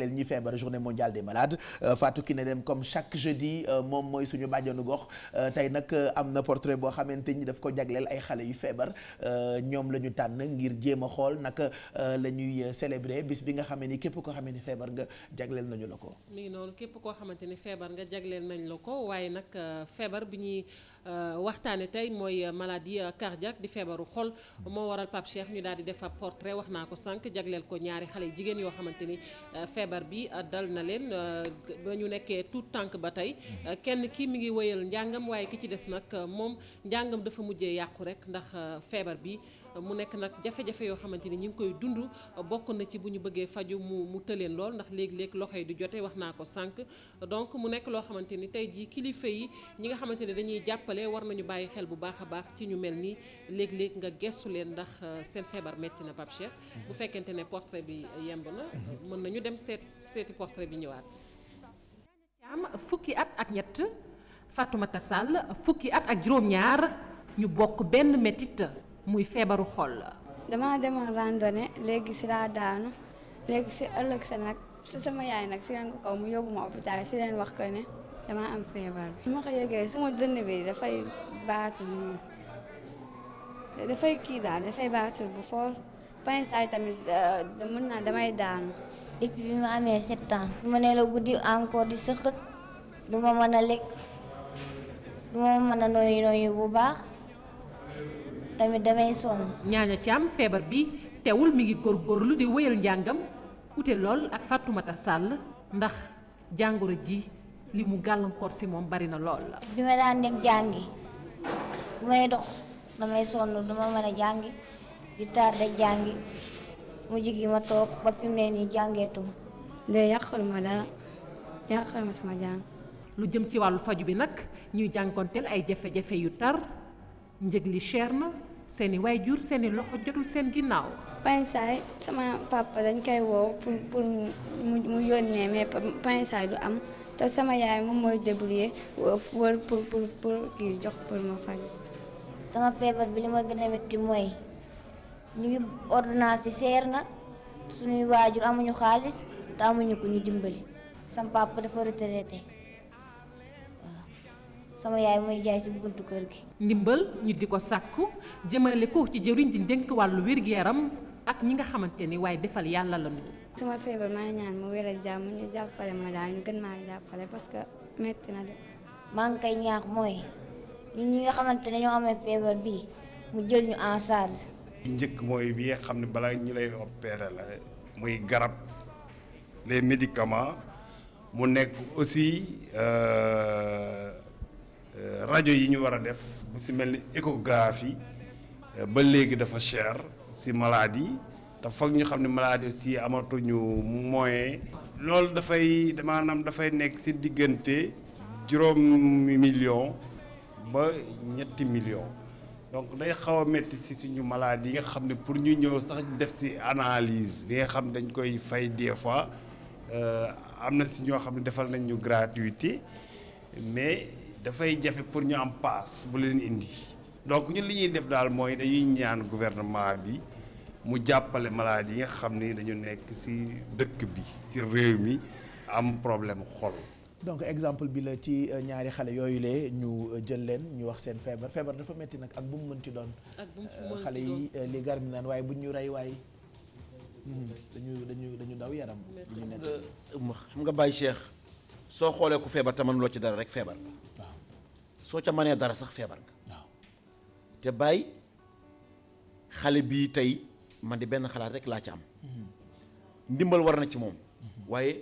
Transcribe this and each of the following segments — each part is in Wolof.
jagleel ñi feebar journée mondiale des malades euh, Fatou Kiné Deme comme chaque jeudi euh, moom mooy suñu bàjjanu gox euh, tey nag am na portrait boo xamante ni daf ko jagleel ay xale yu feebar ñoom la ñu tànn ngir jéem a xool naka la ñuy célébrer bis bi nga xam ni képp koo xamante ni feebar nga jagleel nañu la ko. mi ngi noonu képp koo xamante ni feebar nga jagleel nañ la ko waaye nag feebar bi ñuy waxtaane tey mooy maladie cardiaque di feebaru xol moo waral Pape Cheikh ñu daal def ab portrait wax naa ko sànq jagleel ko ñaari xale jigéen yoo xamante feebar. feebar bi euh, dal na leen euh, ba ñu nekkee tout tànk ba tey euh, kenn ki mu ngi wëyal njàngam waaye ki ci des nag moom njàngam dafa mujje yàqu rek ndax feebar bi mu nekk nag jafe-jafe yoo xamante ni ñu ngi koy dund bokk na ci bu ñu bëggee faju mu mu tëleen lool ndax léegi léeg loxo yi du jote wax naa ko sànq donc mu nekk loo xamante ni tey jii kilifa yi ñi nga xamante ne dañuy jàppale war nañu bàyyi xel bu baax a baax ci ñu mel ni léeg-léeg nga gestu leen ndax euh, seen feebar metti na Pape mhm. bu fekkente ne portrait bi yemb na mhm. mën nañu dem seet seeti portrait bi ñëwaat am fukki at ak ñett Fatoumata Sall fukki at ak juróom ñu bokk benn métit muy feebaru xol la. damaa demoon randonnée léegi si laa daanu léegi si ëllëg sa nag si sama yaay nag si leen ko kaw mu yóbbu ma hôpital si leen wax ko ne damaa am feebar bi. ma ko yëgee sama dënn bi dafay baatul dafay kii daal dafay bu foor pain saay tamit euh, mën naa damay daanu. depuis bi ma amee sept ans. ma ne la guddi encore di sëqët du mën a lekk du mën a noyyi noyyi bu baax. tamit damay sonn. ñaaña Thiam feebar bi teewul mi ngi góor lu di wéyal njàngam ute lool ak Fatoumata Sall ndax jàngoro ji li mu gàllankoor si moom bari na lool. bi ma daan dem jàngi bu may dox damay sonn duma mën jàngi di tardé jàngi mu jigi ma toog ba fi mu ne nii jàngeetu. de yàqal ma dara yàqal ma sama jàng. lu jëm ci wàllu faju bi nag ñuy jànkonteel ay jafe-jafe yu tar njëg li cher na. seeni waajur seeni loxo jotul seen ginnaaw. pinsaay sama papa dañ koy woo pour pour mu yónnee mais pinsaay du am te sama yaay moom mooy débrouiller wër pour pour pour kii jox pour ma faj. sama feebar bi li ma gën a métti mooy ñu ngi ordonnance yi seer na suñuy waajur amuñu xaalis te amuñu ko ñu dimbali. sama papa dafa retraité. sama yaay mooy jaay ci buntu kër gi. ndimbal ñu di ko sàkku jëmale ko ci jëriñ di dénk wàllu wér-gu-yaram ak ñi nga xamante ni waaye defal yàlla la ñu. sama feebar maa ñaan mu wér ak jàmm ñu jàppale ma daal que métti na de. maa ngi koy ñaax mooy ñun ñi nga xamante ne ñoo amee feebar bii mu jël ñu en charge. njëkk mooy bi nga xam ne balaa ñu lay opérer la muy garab les médicaments mu nekk aussi. Euh, Euh, rajo yi ñu war a def si mel ni échographie euh, ba léegi dafa cher si maladie yi te foog ñu xam ne maladie aussi amatuñu moyen. loolu dafay maanaam dafay nekk si diggante juróomi million ba ñetti million donc day xaw a métti si suñu maladie yi nga xam ne pour ñu ñëw sax def si analyse bi nga xam dañ koy fay des fois euh, am na si ñoo xam ne defal nañ ñu gratuité mais. dafay jafe pour ñu am paas bu leen indi donc ñun li ñuy def daal mooy dañuy ñaan gouvernement bi mu jàppale malade yi nga xam ni dañu nekk ci dëkk bi ci réew mi am problème xol. donc exemple bi la ci euh, ñaari xale yooyu lee ñu euh, jël leen ñu wax seen feebar feebar dafa metti nag ak bu mu mën ci doon. ak euh, xale yi li gar mi naan waaye buñ ñu rey waaye. Hmm. dañu dañu dañu daw yaram. lu nekk xam nga Baye Cheikh. soo xoolee ku feebar te mënuloo ci dara rek feebar nga soo ca manee dara sax feebar nga te bàyyi xale bii tey man di benn xalaat rek laa ci am mhm. ndimbal war na ci moom mhm. waaye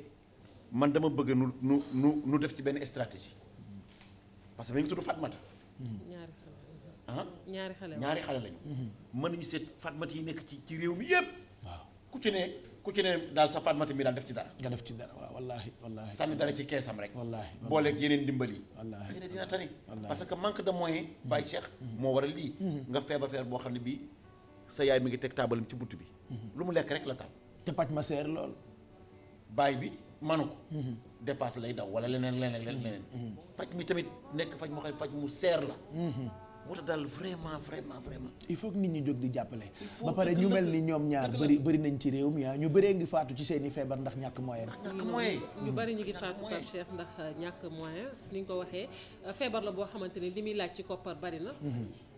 man dama bëgg nu nu nu nu def ci benn stratégie parce que mi ngi tudd Fatmata mhm. ah? ñaari xale ñaari xale lañu mën nañu seet Fatmata yi nekk ci ci réew mi yépp ku ci ne ku ci ne daal sa Fatmata mi daal def ci dara. nga def ci dara waaw wallaahi wallaahi. sànni dara ci keesam rek. wallaahi booleeg yeneen dimbali. wallaahi xëy na dina tani. parce que manque de moyen. Mm-hmm. Baye Cheikh mm-hmm. moo waral lii. Mm-hmm. boo xam ne bii sa yaay mi ngi teg taabalam ci bunt bi. lu mu lekk rek la taal. te pàcc ma seer lool. baay bi manu ko. lay daw wala leneen leneen leneen. pàcc mi tamit nekk faj moo xam ne faj mu seer la. moo tax daal vraiment vraiment vraiment. il faut nit ñi jóg di jàppale. ba pare ñu mel ni ñoom ñaar bëri bëri nañ ci réew mi ah ñu bëree ngi faatu ci seen i feebar ndax ñàkk moyen. ñàkk moyen ñu bëri ñu ngi faatu Pape Cheikh ndax euh, ñàkk moyen ni ñu ko waxee euh, feebar la boo xamante ne li muy laaj ci koppar bari na.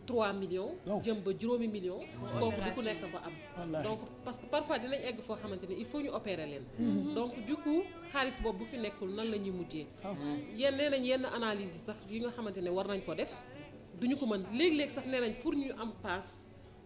3 mhm. millions. Oh. jëm ba juróomi millions. kooku du ku nekk ba am. donc parce que parfois dinañ egg foo xamante ni il faut ñu opérer leen. Mhm. donc du coup xaalis boobu bu fi nekkul nan la ñuy mujjee. Ah. Mhm. yenn nee nañ yenn analyse yi sax yi nga xamante ne war nañ ko def. duñu ko mën léeg-léeg sax nee nañ pour ñu am paas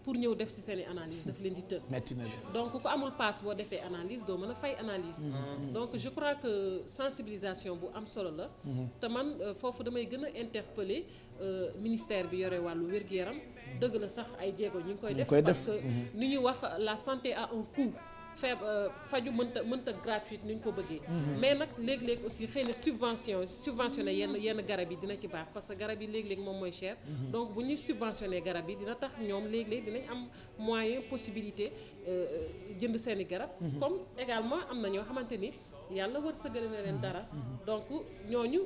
pour ñëw def ci seen i analyse daf leen di të. metti na donc ku amul paas boo defee analyse doo mën a fay analyse. Mm-hmm. Mm-hmm. donc je crois que sensibilisation bu am solo la. Mm-hmm. te man euh, foofu damay gën a interpeller euh, ministère bi yore wàllu wér-gu-yaram dëgg la sax ay jéego ñu ngi koy def. parce que ni ñu wax la santé a un coût. feeb euh, faju mënta mënta gratuite ni ñu ko bëggee. Mhm. mais nag léeg-léeg aussi xëy na subvention subventionné yenn yenn garab yi dina ci baax parce que garab yi léeg-léeg moom mooy cher. Mhm. donc bu ñu subventionné garab yi dina tax ñoom léeg-léeg dinañ am moyen possibilité euh, euh, jënd seen i garab. Mhm. comme également am na ñoo xamante ni yàlla wërsëgale na leen dara. donc ñooñu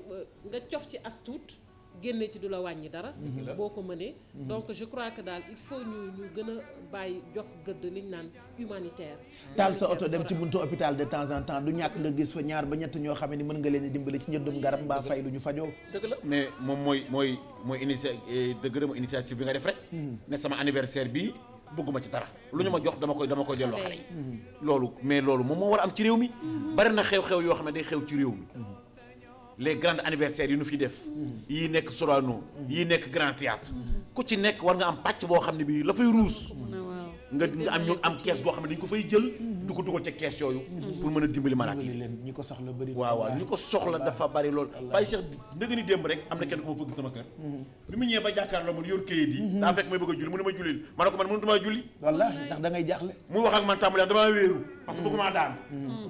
nga cof ci as tuut génne ci du la wàññi dara boo ko mënee mm-hmm. donc je crois que daal il faut ñu ñu gën a bàyyi jox gëdd li ñu naan humanitaire mm-hmm. taal sa oto dem ci buntu hôpital de temps en temps du ñàkk nga gis fa ñaar ba ñett ñoo xam ni mën nga leen dimbali ci njëndum garab mbaa fay lu ñu fajoo dëgg la mais moom mooy mooy mooy initia eh, dëgg la bi nga def rek mm-hmm. ne sama anniversaire bi bëgguma ci dara lu ñu ma jox dama koy dama koy delloo xale yi loolu mais loolu moom moo war a am ci réew mi bari na xew-xew yoo xam ne day xew ci réew mi les grands anniversaires yi nu fi def. yii nekk Sorano. yii nekk Grand Théâtre ku ci nekk war nga am pàcc boo xam ne bii la fay ruus. nga nga am ñu am kees goo xam ne dañ ko fay jël. du ko dugal ca kees yooyu. pour mën a dimbali malade yi ñi ko soxla bëri. waaw waaw ñi ko soxla dafa bari lool. Baye Cheikh démb rek am na kenn ku ma fëgg sama kër. bi mu ñëwee ba jàkkaarloo man yor këyit yi. fekk may bëgg a julli mu ne ma jullil ma ne ko man mënut maa julli. wallaahi ndax da ngay jaaxle. mu wax ak man tàmbali damaa wéeru. parce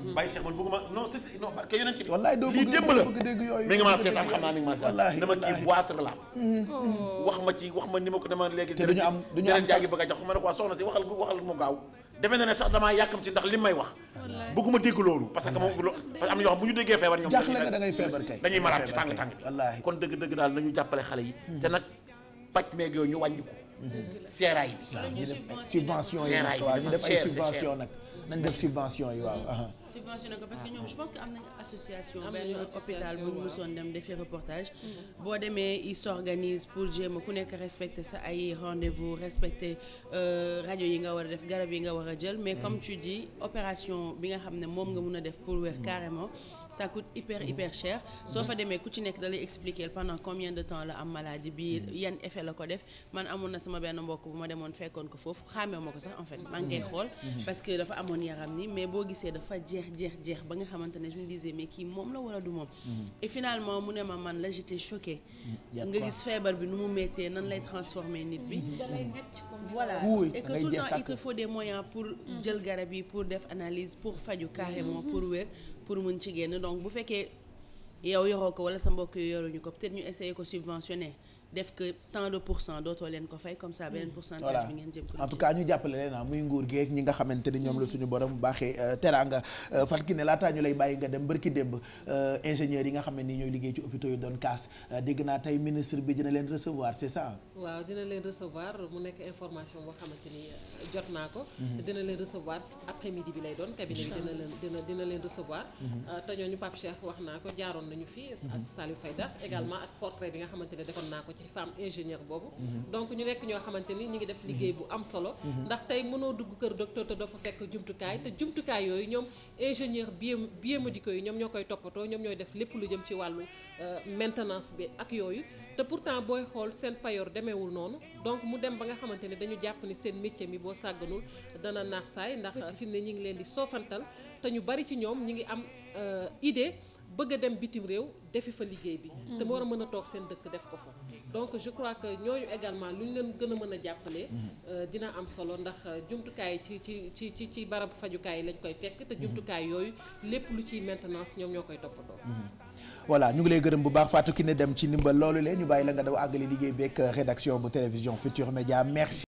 Mm-hmm. bàyyi Cheikh man bëgguma non c'est non barke yonent bi wallaay doo bëgg dégg yooyu mi ngi ma seetaan xam naa mi ngi ma seetaan dama kii boitre la mm-hmm. wax ma ci wax ma ni ma ko dama léegi te duñu am duñu am jaa ngi bëgg a jox ma ne ko soxna si waxal waxal mu gaaw defe na ne sax damaa yàkkam ci ndax li may wax bëgguma dégg loolu parce que moom am na ñoo xam bu ñu déggee feebar ñoom jaaxle nga da ngay feebar kay dañuy maraat ci tàng tàng bi kon dëgg dëgg daal nañu jàppale xale yi mm. te nag pàcc meeg yooyu ñu wàññi ko mm. seeraay bi subvention yi waaw ñu def ay subvention nag nañ def subvention yi waaw subventionné ko parce que ñoom je pense que am nañu association benn hôpital bu ñu musoon dem defi reportage mm-hmm. boo demee ils s'organisent pour jéem a ku nekk respecter sa ay rendez-vous respecter euh, rajo yi nga war a def garab yi nga war a jël mais mm-hmm. comme tu dis opération bi nga xam ne moom nga mun a def pour wér mm-hmm. carrément ça coûte hyper hyper cher soo fa demee ku ci nekk da lay expliquer pendant combien de temps la am maladie bi yan effet la ko def man amoon na sama benn mbokk bu ma demoon fekkoon ko foofu xàmmee ma ko sax en fait maa ngi jeex jeex jeex ba nga xamante ne je me disais kii moom la wala du moom. Mm-hmm. et finalement mu ne ma man la j'étais choquée. Mm-hmm. nga gis feebar bi nu mu méttee nan lay transformer nit bi. Mm-hmm. voilà et que tout le temps il faut des moyens pour jël garab yi pour def analyse pour faju carrément pour wér pour mun ci génn donc bu fekkee yow yoroo ko wala sa mbokk yoruñu ko peut ñu essayer ko subventionner. def que tant de pour cent dootoo leen ko fay comme ça beneen mm. pourcentage bi ngeen jëm en tout cas ñu jàppale leen ah muy nguur geeg ñi nga xamante ni ñoom la mm. suñu borom baaxee euh, teraanga euh, Fatou Kiné laataa ñu lay bàyyi nga dem barki démb euh, ingénieur yi nga xam ne ñooy liggéey ci hôpitaux yi doon kaas dégg naa tey ministre bi dina leen recevoir c'est ça waaw dina leen recevoir mu nekk information boo xamante ni jot naa ko mm-hmm. dina leen recevoir après midi bi lay doon cabinet bi dina leen recevoir mm-hmm. te ci femme ingénieur boobu. Mhm. donc ñu nekk ñoo xamante ni ñu ngi def liggéey bu am solo. Mhm. ndax tey mënoo dugg kër docteur te dafa fekk jumtukaay te jumtukaay yooyu ñoom ingénieur biem bio biomédicaux yi ñoom ñoo koy toppatoo ñoom ñooy def lépp lu jëm ci wàllu euh, maintenance bi ak yooyu te pourtant booy xool seen payoor demeewul noonu donc mu dem ba nga xamante ne dañu jàpp ni seen métier mi boo sàgganul dana naax saay ndax fi mu ne ñu ngi leen di soofantal te ñu bari ci ñoom ñi ngi am euh, idée bëgg dem bitim réew defi fa liggéey bi mhm. te mu a mën a toog seen dëkk def ko fa donc je crois que ñooñu également lu ñu leen gën a mën a jàppale. Euh, dina am solo ndax euh, jumtukaay ci ci ci ci ci barab fajukaay lañ koy fekk. te jumtukaay yooyu lépp lu ci maintenance ñoom ñoo koy toppatoo. Mhm. voilà ñu ngi lay gërëm bu baax Fatou Kiné dem ci ndimbal loolu le ñu bàyyi la nga daw li liggéey beeg euh, rédaction bu télévision Futur Média merci.